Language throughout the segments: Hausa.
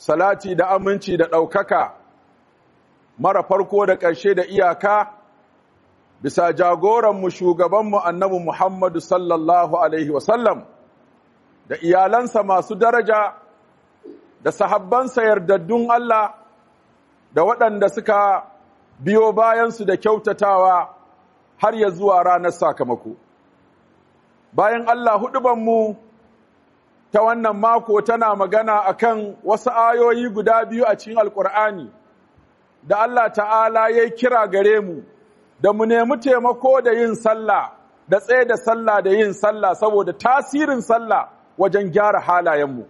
salati da aminci da ɗaukaka mara farko da ƙarshe da iyaka bisa jagoranmu shugabanmu annabi Muhammadu sallallahu Alaihi wasallam da iyalansa masu daraja da sahabbansa yardaddun Allah da waɗanda suka biyo bayansu da kyautatawa har ya zuwa ranar sakamako. Bayan Allah huɗubanmu ta wannan mako tana magana akan wasu ayoyi guda biyu a cikin alkur'ani da Allah ta'ala ya kira gare mu da mu nemi taimako da yin sallah da tsaye da sallah da yin sallah saboda tasirin sallah wajen gyara halayenmu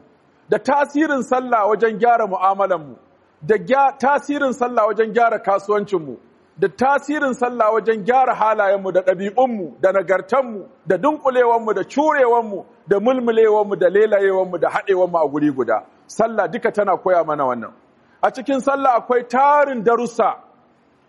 da tasirin sallah wajen gyara mu'amalanmu da tasirin sallah wajen gyara kasuwancinmu da tasirin sallah wajen gyara halayenmu da ɗabi'unmu da nagartanmu da dunkulewanmu da curewanmu da mulmulewanmu da lelayewanmu da haɗewanmu a guri guda sallah duka tana koya mana wannan a cikin sallah akwai tarin darussa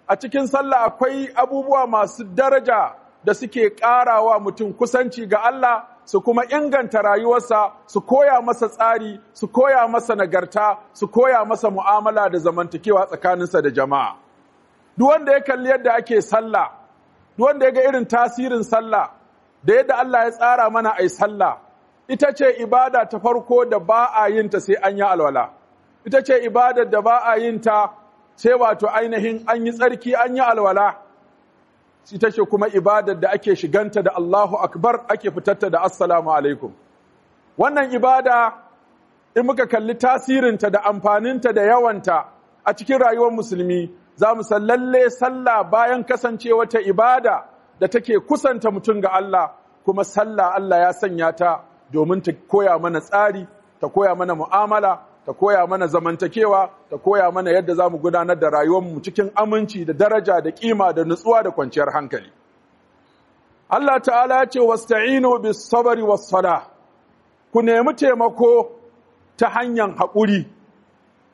a cikin sallah akwai abubuwa masu daraja da suke ƙarawa mutum kusanci ga Allah su kuma inganta rayuwarsa su koya masa tsari su koya masa nagarta su koya masa mu'amala da zamantakewa tsakaninsa da jama'a duk wanda ya kalli yadda ake sallah duk wanda ya ga irin tasirin sallah da yadda Allah ya tsara mana ai sallah ita ce ibada ta farko da ba a yin ta sai an yi alwala ita ce ibada da ba a yin ta sai wato ainihin an yi tsarki an yi alwala ita ce kuma ibadar da ake shiganta da Allahu akbar ake fitarta da assalamu alaikum wannan ibada in muka kalli tasirinta da amfaninta da yawanta a cikin rayuwar musulmi za mu san lalle sallah bayan kasance wata ibada da take kusanta mutum ga Allah kuma sallah Allah ya sanya ta domin ta koya mana tsari ta koya mana mu'amala ta koya mana zamantakewa ta koya mana yadda za mu gudanar da rayuwar mu cikin aminci da daraja da kima, da nutsuwa da kwanciyar hankali Allah ta'ala ya ce wasta'inu bis sabri was sala ku nemi taimako ta hanyar haƙuri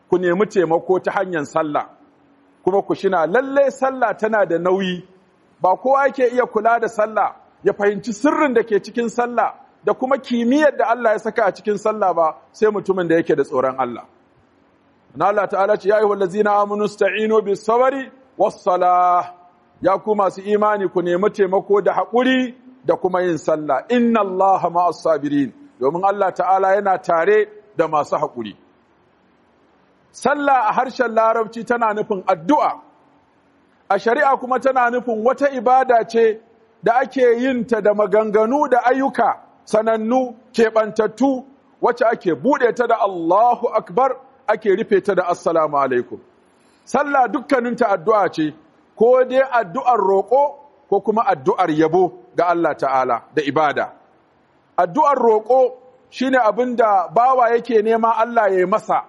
ku nemi taimako ta hanyar sallah kuma ku shina lalle sallah tana da nauyi ba kowa yake iya kula da sallah ya fahimci sirrin da ke cikin sallah da kuma kimiyyar da Allah ya saka a cikin sallah ba sai mutumin da yake da tsoron Allah na Allah ta'ala ce ya yi ladzina amanu sta'inu bis sabri was salah ya ku masu imani ku nemi taimako da haƙuri da kuma yin sallah inna Allaha ma'as sabirin domin Allah ta'ala yana tare da masu haƙuri sallah a harshen larabci tana nufin addu'a a shari'a kuma tana nufin wata ibada ce da ake yin ta da maganganu da ayyuka sanannu keɓantattu wacce ake buɗe ta da Allahu akbar ake rufe ta da assalamu alaikum sallah dukkaninta addu'a ce ko dai addu'ar roƙo ko kuma addu'ar yabo ga Allah ta'ala da ibada addu'ar roƙo shine abin da bawa yake nema Allah ya yi masa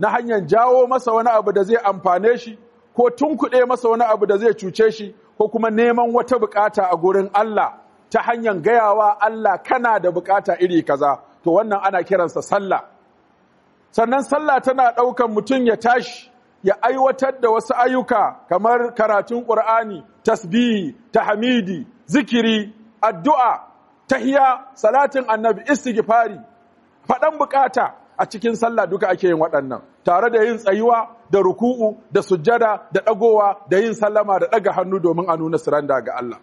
na hanyar jawo masa wani abu da zai amfane shi ko tun kuɗe masa wani abu da zai cuce shi ko kuma neman wata bukata a gurin Allah ta hanyar gayawa Allah kana da bukata iri kaza to wannan ana kiransa sallah sannan sallah tana ɗaukan mutum ya tashi ya aiwatar da wasu ayyuka kamar karatun ƙur'ani tasbihi tahmidi zikiri addu'a tahiya salatin annabi istighfari faɗan bukata a cikin sallah duka ake yin waɗannan tare da yin tsayuwa da ruku'u da sujjada da ɗagowa da yin sallama da ɗaga hannu domin a nuna siranda ga Allah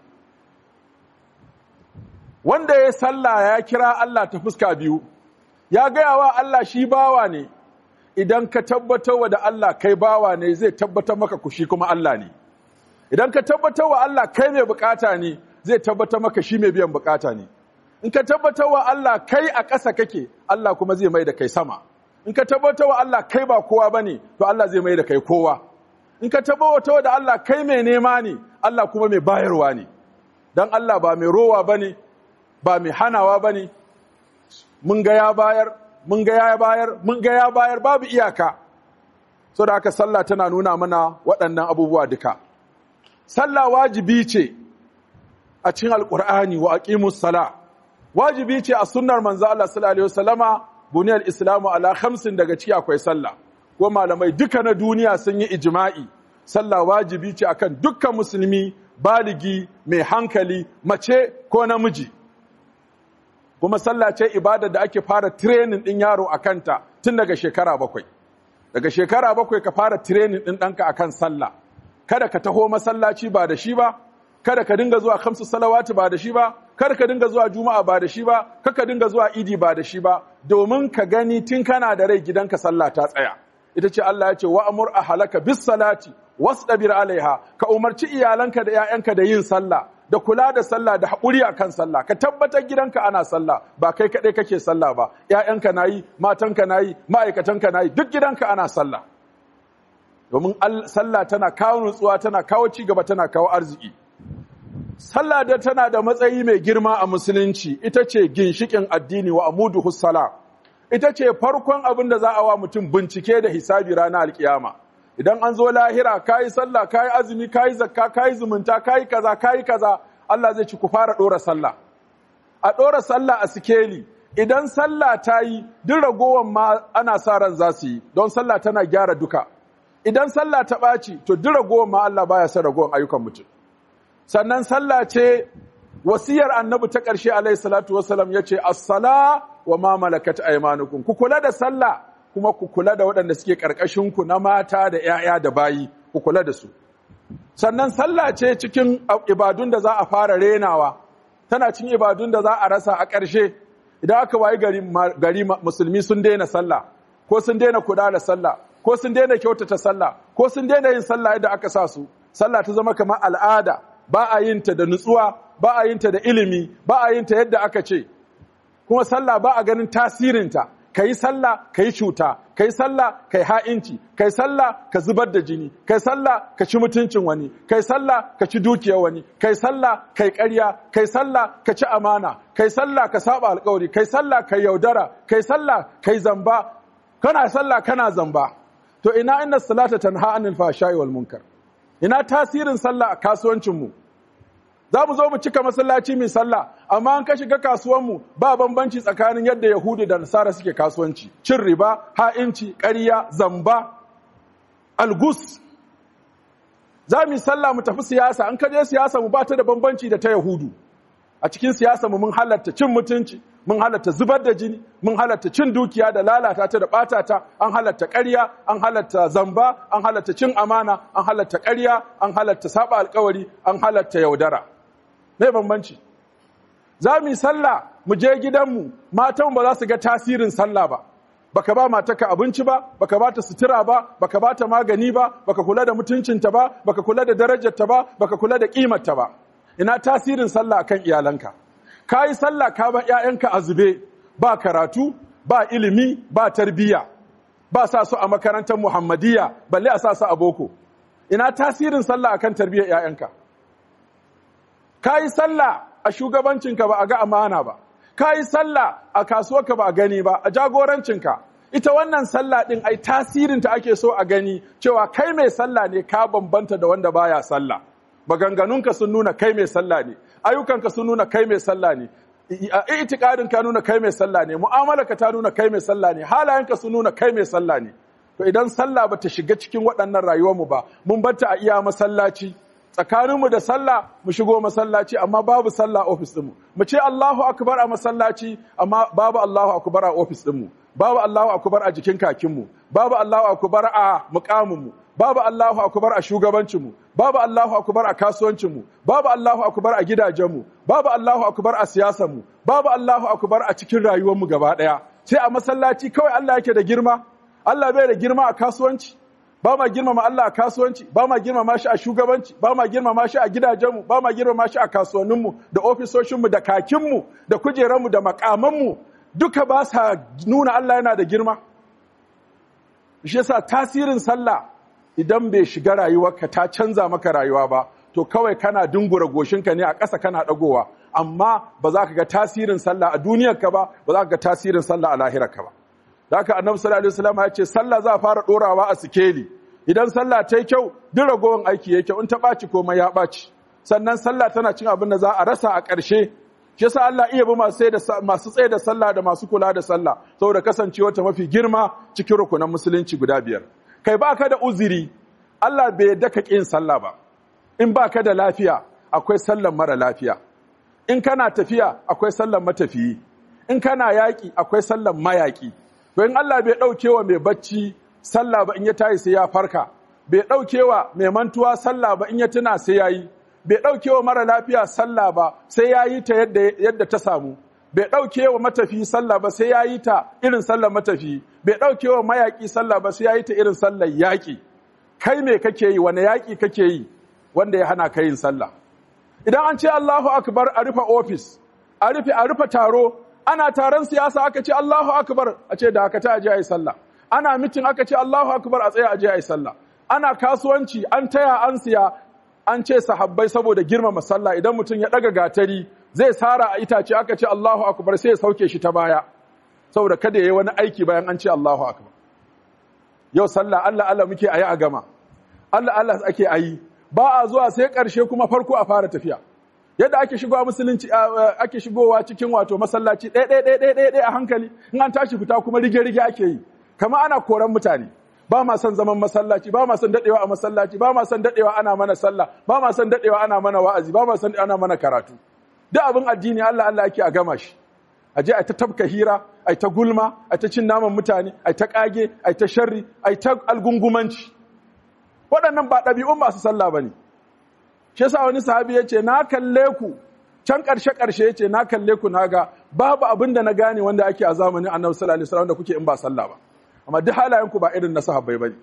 wanda ya salla ya kira Allah ta fuska biyu ya gaya wa Allah shi bawa ne idan ka tabbatarwa da Allah kai bawa ne zai tabbatar maka kushi kuma Allah ne idan ka tabbatarwa Allah kai mai bukata ne zai tabbatar maka shi mai biyan bukata ne in ka tabbatarwa Allah kai a ƙasa kake Allah kuma zai mai da kai sama in ka tabbata wa Allah kai ba kowa ba ne, to Allah zai mai da kai kowa in ka tabbata wa da Allah kai mai nema ne Allah kuma mai bayarwa ne Don Allah ba mai rowa ba ne, ba mai hanawa ba ne, mun ga ya bayar mun ga ya bayar mun ga ya bayar babu iyaka da haka sallah tana nuna mana waɗannan abubuwa duka sallah wajibi ce a cin Alƙur'ani wa aqimus sala wajibi ce a sunnar manzo Allah sallallahu alaihi wasallama buniyar islamu ala hamsin daga ciki akwai sallah ko malamai duka na duniya sun yi ijima'i sallah wajibi ce akan dukkan musulmi baligi mai hankali mace ko namiji kuma sallah ce ibada da ake fara training din yaro akanta tun daga shekara bakwai daga shekara bakwai ka fara training din ɗanka akan sallah kada ka taho masallaci ba da shi ba kada ka dinga zuwa kamsu salawati ba da shi ba kada ka dinga zuwa juma'a ba da shi ba kada ka dinga zuwa idi ba da shi ba domin ka gani tun kana da rai gidanka sallah ta tsaya ita ce Allah ya ce a halaka bis salati ɗabir alaiha ka umarci iyalanka da 'ya'yanka da yin sallah da kula da sallah da haƙuri a kan sallah ka tabbatar gidanka ana sallah ba kai kaɗai kake sallah ba ‘ya'yanka na yi matanka na yi ma'aikatanka na yi duk gidanka ana sallah domin sallah tana kawo nutsuwa tana kawo cigaba tana kawo arziki sallah da tana da matsayi mai girma a musulunci ita ce ginshikin addini wa amudu hussala ita ce farkon abin da za a wa mutum bincike da hisabi rana alkiyama idan an zo lahira kayi sallah kayi azumi kayi zakka kayi zumunta kayi kaza kayi kaza Allah zai ci ku fara ɗora sallah a dora sallah a sikeli idan sallah ta yi duk ragowar ma ana sa ran za su yi don sallah tana gyara duka idan sallah ta ɓaci to duk ragowar ma Allah baya sa ragowar ayyukan mutum sannan sallah ce wasiyar annabi ta ƙarshe alaihi salatu wasalam ya ce assala wa ma malakat aymanukum ku kula da sallah kuma ku kula da waɗanda suke ƙarƙashin ku na mata da ƴaƴa da bayi ku kula da su sannan sallah ce cikin ibadun da za a fara renawa tana cikin ibadun da za a rasa a ƙarshe idan aka wayi gari, gari musulmi sun daina sallah ko sun daina kula da sallah ko sun daina kyautata sallah ko sun daina yin sallah yadda aka sa su sallah ta zama kamar al'ada ba a yin ta da nutsuwa ba a yin ta da ilimi ba a yin ta yadda aka ce kuma sallah ba a ganin tasirinta kai sallah kai cuta kai sallah kai ha'inci kai sallah ka zubar da jini kai sallah ka ci mutuncin wani kai sallah ka ci dukiyar wani kai sallah kai ƙarya kai sallah ka ci amana kai sallah ka saba alƙawari kai sallah kai yaudara kai sallah kai zamba kana sallah kana zamba to ina inna salata tanha anil fahsha'i wal munkar ina tasirin sallah a kasuwancinmu za mu zo mu cika masallaci mai sallah amma an ka shiga kasuwanmu ba bambanci tsakanin yadda yahudi da nasara suke kasuwanci cin riba ha'inci ƙarya zamba algus za mu sallah mu tafi siyasa an ka je siyasa mu ba ta da bambanci da ta yahudu a cikin siyasa mu mun halatta cin mutunci mun halatta zubar da jini mun halatta cin dukiya da lalata ta da bata ta an halatta ƙarya an halatta zamba an halatta cin amana an halatta ƙarya an halatta saba alƙawari an halatta yaudara mai bambanci za mu yi sallah mu je gidanmu matan ba za su ga tasirin sallah ba baka ba mataka abinci ba baka ba ta sutura ba baka ba ta magani ba baka kula da mutuncinta ba baka kula da darajarta ba baka kula da ƙimarta ba ina tasirin sallah akan iyalanka ka yi sallah ka ba ‘ya'yanka a zube ba karatu ba ilimi ba tarbiyya ba sa su a makarantar muhammadiyya balle a sa su a boko ina tasirin sallah akan tarbiyyar ‘ya'yanka ka yi sallah a shugabancinka ba a ga amana ba ka yi sallah a kasuwarka ba a gani ba a jagorancinka ita wannan sallah ɗin ai tasirin ta ake so a gani cewa kai mai sallah ne ka bambanta da wanda baya sallah maganganunka sun nuna kai mai sallah ne ayyukanka sun nuna kai mai sallah ne itikadin ka nuna kai mai sallah ne mu'amalarka ta nuna kai mai sallah ne halayenka sun nuna kai mai sallah ne to idan sallah bata shiga cikin waɗannan rayuwar mu ba mun bar ta a iya masallaci mu da sallah mu shigo masallaci amma babu sallah ofis din mu ce Allahu akbar a masallaci amma babu Allahu akbar a ofis mu. babu Allahu akbar a jikin kakin mu. babu Allahu akbar a mukamin mu. babu Allahu akubar a shugabancinmu babu Allahu akubar a kasuwancinmu babu Allahu akubar a gidajenmu babu Allahu akubar a siyasarmu babu Allahu akubar a cikin rayuwarmu gaba daya sai a masallaci kawai Allah yake da girma Allah bai da girma a kasuwanci ba ma girmama Allah a kasuwanci ba ma girmama shi a shugabanci ba ma girmama shi a gidajenmu ba ma girmama shi a kasuwanninmu da ofisoshinmu da kakinmu da kujeranmu da makamanmu duka ba sa nuna Allah yana da girma shi yasa tasirin sallah idan bai shiga rayuwarka ta canza maka rayuwa ba to kawai kana dungura goshinka ne a ƙasa kana ɗagowa amma ba za ka ga tasirin sallah a duniyarka ba ba za ka ga tasirin sallah a lahirarka ba da haka annabi sallallahu alaihi wasallam ya ce sallah za a fara ɗorawa a sikeli idan sallah ta yi kyau duk ragowar aiki ya kyau. in ta ɓaci komai ya ɓaci sannan sallah tana cin abin da za a rasa a ƙarshe shi yasa Allah iya bi masu tsaye da sallah da masu kula da sallah saboda kasancewa ta mafi girma cikin rukunan musulunci guda biyar kai baka da uziri Allah bai daka ka ƙin sallah ba in baka da lafiya akwai sallan mara lafiya in kana tafiya akwai sallan matafiyi in kana yaƙi akwai sallan mayaƙi to in Allah bai ɗauke wa mai bacci sallah ba in ya tayi sai ya farka bai ɗauke wa mai mantuwa sallah ba in ya tuna sai ya yi bai ɗauke wa mara lafiya sallah ba sai ya yi ta yadda ta samu bai ɗauke wa matafi sallah ba sai ya yi ta irin sallar matafi bai ɗauke wa mayaƙi sallah ba sai ya yi ta irin sallar yaƙi kai me kake yi wani yaƙi kake yi wanda ya hana ka yin sallah idan an ce Allahu akbar a rufe ofis a rufe a rufe taro ana taron siyasa aka ce Allahu akbar a ce da aka ta aje ayi sallah ana mitin aka ce Allahu akbar a tsaya aje ayi sallah ana kasuwanci an taya an siya an ce sahabbai saboda girmama sallah idan mutum ya daga gatari zai sara a itace aka ce Allahu akbar sai ya sauke shi ta baya saboda kada yayi wani aiki bayan an ce Allahu akbar yau sallah Allah Allah muke ayi a gama Allah Allah ake ayi ba a zuwa sai karshe kuma farko a fara tafiya yadda ake shigowa musulunci ake shigowa cikin wato masallaci ɗaya ɗaya ɗaya ɗaya a hankali in an tashi fita kuma rige rige ake yi kamar ana koran mutane ba ma son zaman masallaci ba ma son dadewa a masallaci ba ma son dadewa ana mana sallah ba ma son dadewa ana mana wa'azi ba ma son ana mana karatu duk abin addini Allah Allah yake a gama shi a je a ta tabka hira a ta gulma a ta cin naman mutane a ta kage a ta sharri a ta algungumanci waɗannan ba ɗabi'un masu sallah bane shi yasa wani sahabi yace na kalle ku can ƙarshe ƙarshe yace na kalle ku naga babu abin da na gane wanda ake a zamanin Annabi sallallahu alaihi wasallam da kuke in ba sallah ba amma duk halayenku ba irin na sahabbai bane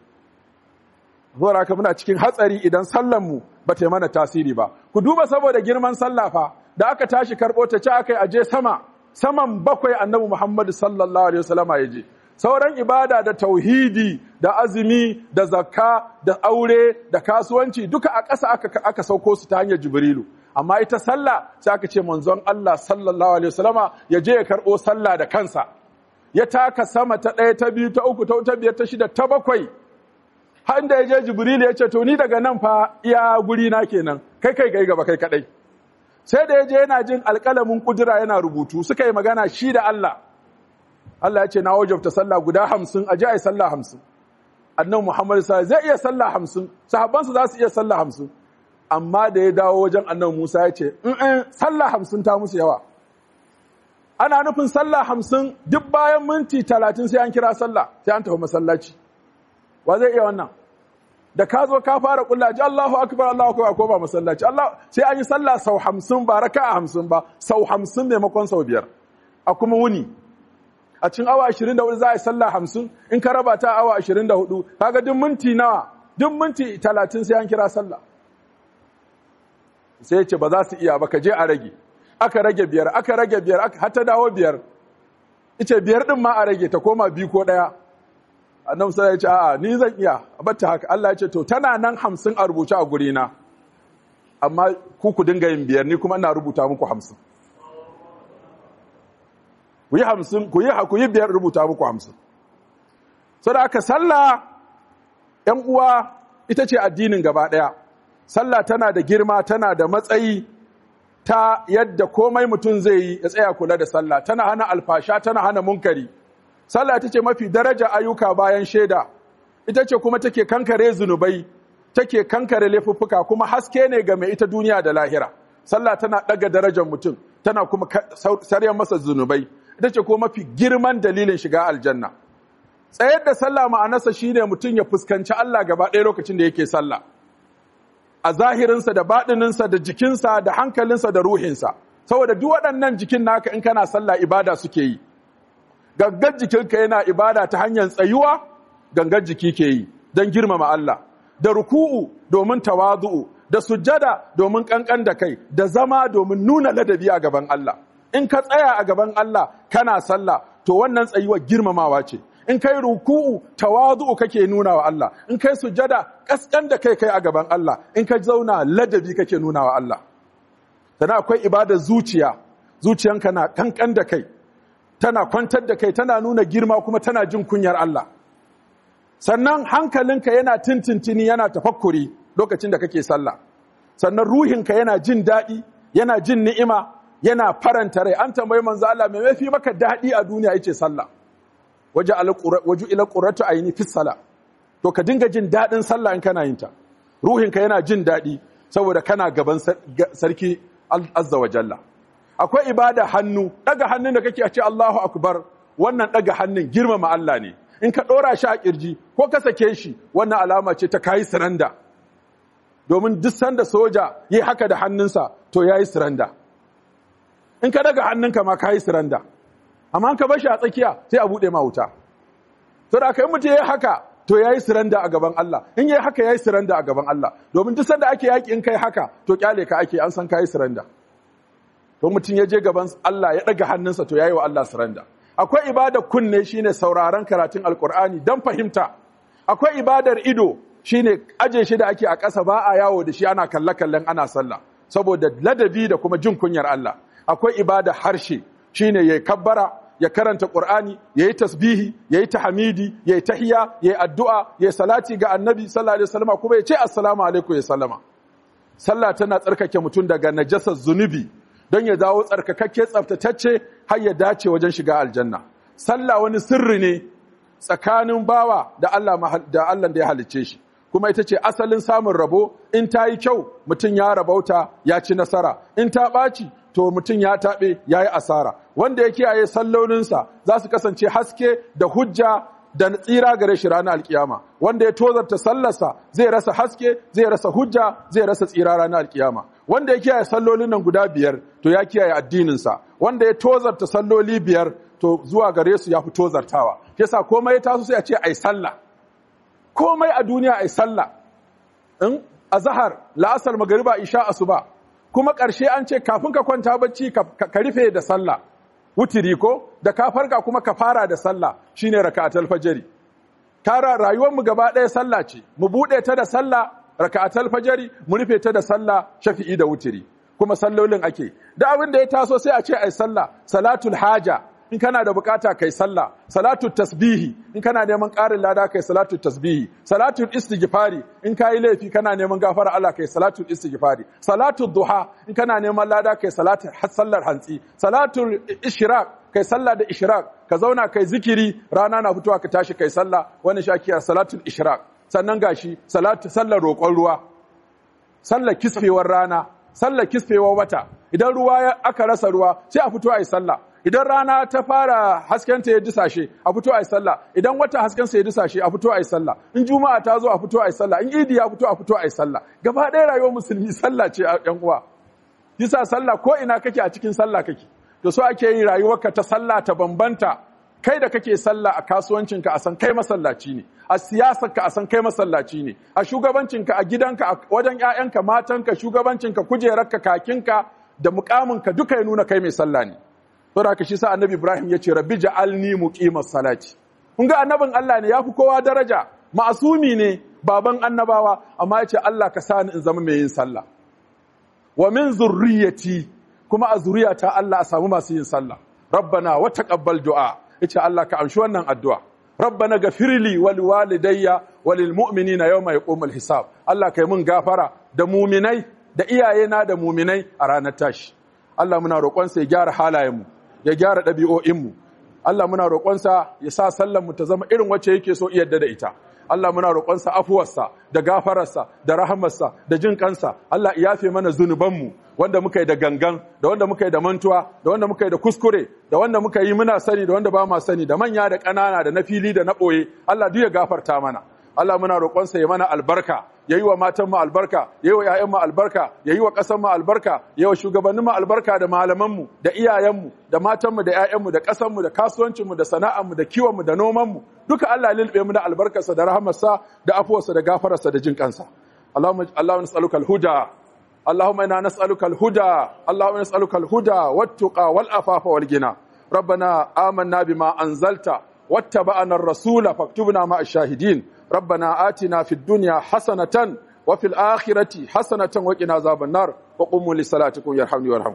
zuwa haka muna cikin hatsari idan sallan mu ba ta mana tasiri ba ku duba saboda girman sallah fa da aka tashi karbo ta ci akai aje sama saman bakwai annabi Muhammadu sallallahu alaihi wasallama yaje sauran ibada da tauhidi da azumi da zakka da aure da kasuwanci duka a ƙasa aka aka sauko su ta hanyar jibrilu amma ita sallah sai aka ce manzon Allah sallallahu alaihi wasallama ya je ya karbo sallah da kansa ya taka sama ta ɗaya ta biyu ta uku ta ta biyar ta shida ta bakwai har da ya je jibril ya ce to ni daga nan fa iya guri na kenan kai kai kai gaba kai kadai sai da ya je yana jin alƙalamin kudura yana rubutu suka yi magana shi da Allah Allah ya ce na wajabta sallah guda hamsin a ji a yi sallah hamsin annan Muhammad sa zai iya sallah hamsin sahabbansa za su iya sallah hamsin amma da ya dawo wajen annan Musa ya ce in sallah hamsin ta musu yawa ana nufin sallah hamsin duk bayan minti talatin sai an kira sallah sai an tafi masallaci wa zai iya wannan da ka zo ka fara kulla ji Allahu akbar Allahu akbar ko ba masallaci Allah sai an yi sallah sau hamsin ba raka'a hamsin ba sau hamsin maimakon sau biyar a kuma wuni a cikin awa 24 za a yi sallah hamsin in ka raba ta awa 24 kaga duk minti nawa duk minti talatin sai an kira sallah sai ya ce ba za su iya ba ka je a rage aka rage biyar aka rage biyar har ta dawo biyar ita biyar din ma a rage ta koma biyu ko ɗaya annabi sai ya ce a'a ni zan iya batta haka Allah ya ce to tana nan hamsin a rubuce a guri na amma ku ku dinga yin biyar ni kuma ina rubuta muku hamsin ku yi hamsin ku yi ku yi biyar rubuta muku hamsin sai aka sallah yan uwa ita ce addinin gaba ɗaya sallah tana da girma tana da matsayi ta yadda komai mutum zai yi ya tsaya kula da sallah tana hana alfasha tana hana munkari sallah ita ce mafi daraja ayyuka bayan shaida ita ce kuma take kankare zunubai take kankare laifuffuka kuma haske ne ga mai ita duniya da lahira sallah tana daga darajar mutum tana kuma sarya masa zunubai ita ce kuma mafi girman dalilin shiga aljanna tsayar da sallah ma'anarsa shine mutum ya fuskanci Allah gaba ɗaya lokacin da yake sallah a zahirinsa da baɗininsa da jikinsa da hankalinsa da ruhinsa saboda duk waɗannan jikin naka in kana sallah ibada suke yi gangar jikinka yana ibada ta hanyar tsayuwa gangar jiki ke yi don girmama Allah da ruku'u domin tawazu'u da sujada domin ƙanƙan da kai da zama domin nuna ladabi a gaban Allah in ka tsaya a gaban Allah kana sallah to wannan tsayuwar girmamawa ce in kai ruku'u tawadu'u kake nuna wa Allah in kai sujada kaskan da kai kai a gaban Allah in ka zauna ladabi kake nuna wa Allah sannan akwai ibada zuciya zuciyanka na kankan da kai tana kwantar da kai tana nuna girma kuma tana jin kunyar Allah sannan hankalinka yana tintintini yana tafakkuri lokacin da kake sallah sannan ruhinka yana jin daɗi yana jin ni'ima yana faranta rai an tambayi manzo Allah me mafi maka daɗi a duniya yace sallah waje ila qurratu ayni fi sala to ka dinga jin dadin sallah in kana yin ta ruhin ka yana jin dadi saboda kana gaban sarki azza wa akwai ibada hannu daga hannun da kake a ce Allahu akbar wannan daga hannun girmama Allah ne in ka dora shi a kirji ko ka sake shi wannan alama ce ta kai suranda domin duk sanda soja yayi haka da hannunsa to yayi suranda in ka daga hannunka ma kai suranda amma ka bashi a tsakiya sai a bude ma wuta to da kai mutum haka to yayi surrender a gaban Allah in yayi haka yayi surrender a gaban Allah domin duk sanda ake yaki in kai haka to kyale ka ake an san kai surrender to mutum ya je gaban Allah ya daga hannunsa to yayi wa Allah surrender akwai ibada kunne shine sauraron karatun alkur'ani dan fahimta akwai ibadar ido shine aje shi da ake a ƙasa ba a yawo da shi ana kalle-kallen ana sallah saboda ladabi da kuma jin kunyar Allah akwai ibada harshe shine yayi kabbara ya karanta Qur'ani yayi tasbihi yayi tahmidi yayi ya yayi addu'a yayi salati ga Annabi sallallahu alaihi wasallam kuma yace assalamu alaikum ya sallama sallah tana tsarkake mutum daga najasar zunubi don ya dawo tsarkakakke tsaftatacce har ya dace wajen shiga aljanna sallah wani sirri ne tsakanin bawa da Allah da Allah da ya halicce shi kuma ita ce asalin samun rabo in ta yi kyau mutum ya rabauta ya ci nasara in ta ɓaci to mutum ya taɓe ya yi asara wanda ya kiyaye sallolinsa za su kasance haske da hujja da tsira gare shi ranar alkiyama wanda ya tozarta sallarsa zai rasa haske zai rasa hujja zai rasa tsira ranar alkiyama wanda ya kiyaye sallolin nan guda biyar to ya kiyaye addininsa wanda ya tozarta salloli biyar to zuwa gare su ya fi tozartawa yasa komai ya taso sai a ce ai sallah komai a duniya ai sallah in azhar la'asar magariba isha asuba kuma ƙarshe an ce kafin ka kwanta bacci ka rufe da sallah wutiri ko da ka farka kuma ka fara da sallah shine raka'atul fajri tara rayuwar mu gaba ɗaya sallah ce mu bude ta da sallah raka'atul fajri mu rufe ta da sallah shafi'i da wutiri kuma sallolin ake da abin da ya taso sai a ce ai sallah salatul haja in kana da bukata kai sallah salatu tasbihi in kana neman ƙarin lada kai salatu tasbihi salatu istighfari in kai laifi kana neman gafara Allah kai salatu istighfari salatu duha in kana neman lada kai salatu sallar hantsi salatu ishraq kai sallah da ishraq ka zauna kai zikiri rana na fitowa ka tashi kai sallah wani shakiya salatu ishraq sannan gashi salatu sallar roƙon ruwa sallar kisfewar rana sallar kisfewar wata idan ruwa aka rasa ruwa sai a fito a yi sallah idan rana ta fara hasken ta ya sashe a fito a sallah idan wata hasken sa ya sashe a fito a sallah in juma'a ta zo a fito a sallah in idi ya fito a fito a sallah gaba ɗaya rayuwar musulmi sallah ce a ƴan uwa yasa sallah ko ina kake a cikin sallah kake to so ake yi rayuwarka ta sallah ta bambanta kai da kake sallah a kasuwancinka a san kai masallaci ne a ka a san kai masallaci ne a shugabancinka a gidanka a wajen ƴaƴanka matanka shugabancinka kujerarka kakinka da mukamin ka duka ya nuna kai mai sallah ne saboda haka shi sa annabi Ibrahim ya ce rabbi ja'alni muqimas salati kun ga annabin Allah ne yafi kowa daraja ma'asumi ne baban annabawa amma ya ce Allah ka sani in zama mai yin sallah wa min zurriyati kuma a zuriyata Allah a samu masu yin sallah rabbana wa taqabbal du'a yace Allah ka amshi wannan addu'a rabbana ghafirli wal walidayya walil mu'minina yawma yaqumul hisab Allah kai mun gafara da muminai da iyayena da muminai a ranar tashi Allah muna roƙon ya gyara halayen mu. ya gyara ɗabi'o'inmu Allah muna roƙonsa ya sa sallanmu ta zama irin wacce yake so yadda da ita Allah muna roƙonsa afuwarsa da gafararsa da rahamarsa da jin kansa Allah iyafe mana zunubanmu wanda muka yi da gangan da wanda muka yi da mantuwa da wanda muka yi da kuskure da wanda muka yi muna sani da wanda ba ma sani da manya da ƙanana da na fili da na ɓoye Allah duk ya gafarta mana Allah muna roƙonsa ya mana albarka ya yi wa matanmu albarka ya yi wa ‘ya'yanmu albarka ya yi wa ƙasanmu albarka ya yi wa shugabanninmu albarka da malamanmu da iyayenmu da matanmu da ‘ya'yanmu da ƙasanmu da kasuwancinmu da sana'anmu da kiwonmu da nomanmu duka Allah ya lulluɓe mu albarkarsa da rahamarsa da afuwarsa da gafararsa da jin kansa Allahumma nas'aluka al-huda Allahumma inna nas'aluka al-huda Allahumma nas'aluka al-huda wat-tuqa wal-afafa wal-ghina ربنا آمنا بما أنزلت na, الرسول فاكتبنا مع الشاهدين ربنا آتنا في الدنيا حسنة وفي الآخرة حسنة وقنا عذاب النار وقوموا لصلاتكم يرحمني ويرحمكم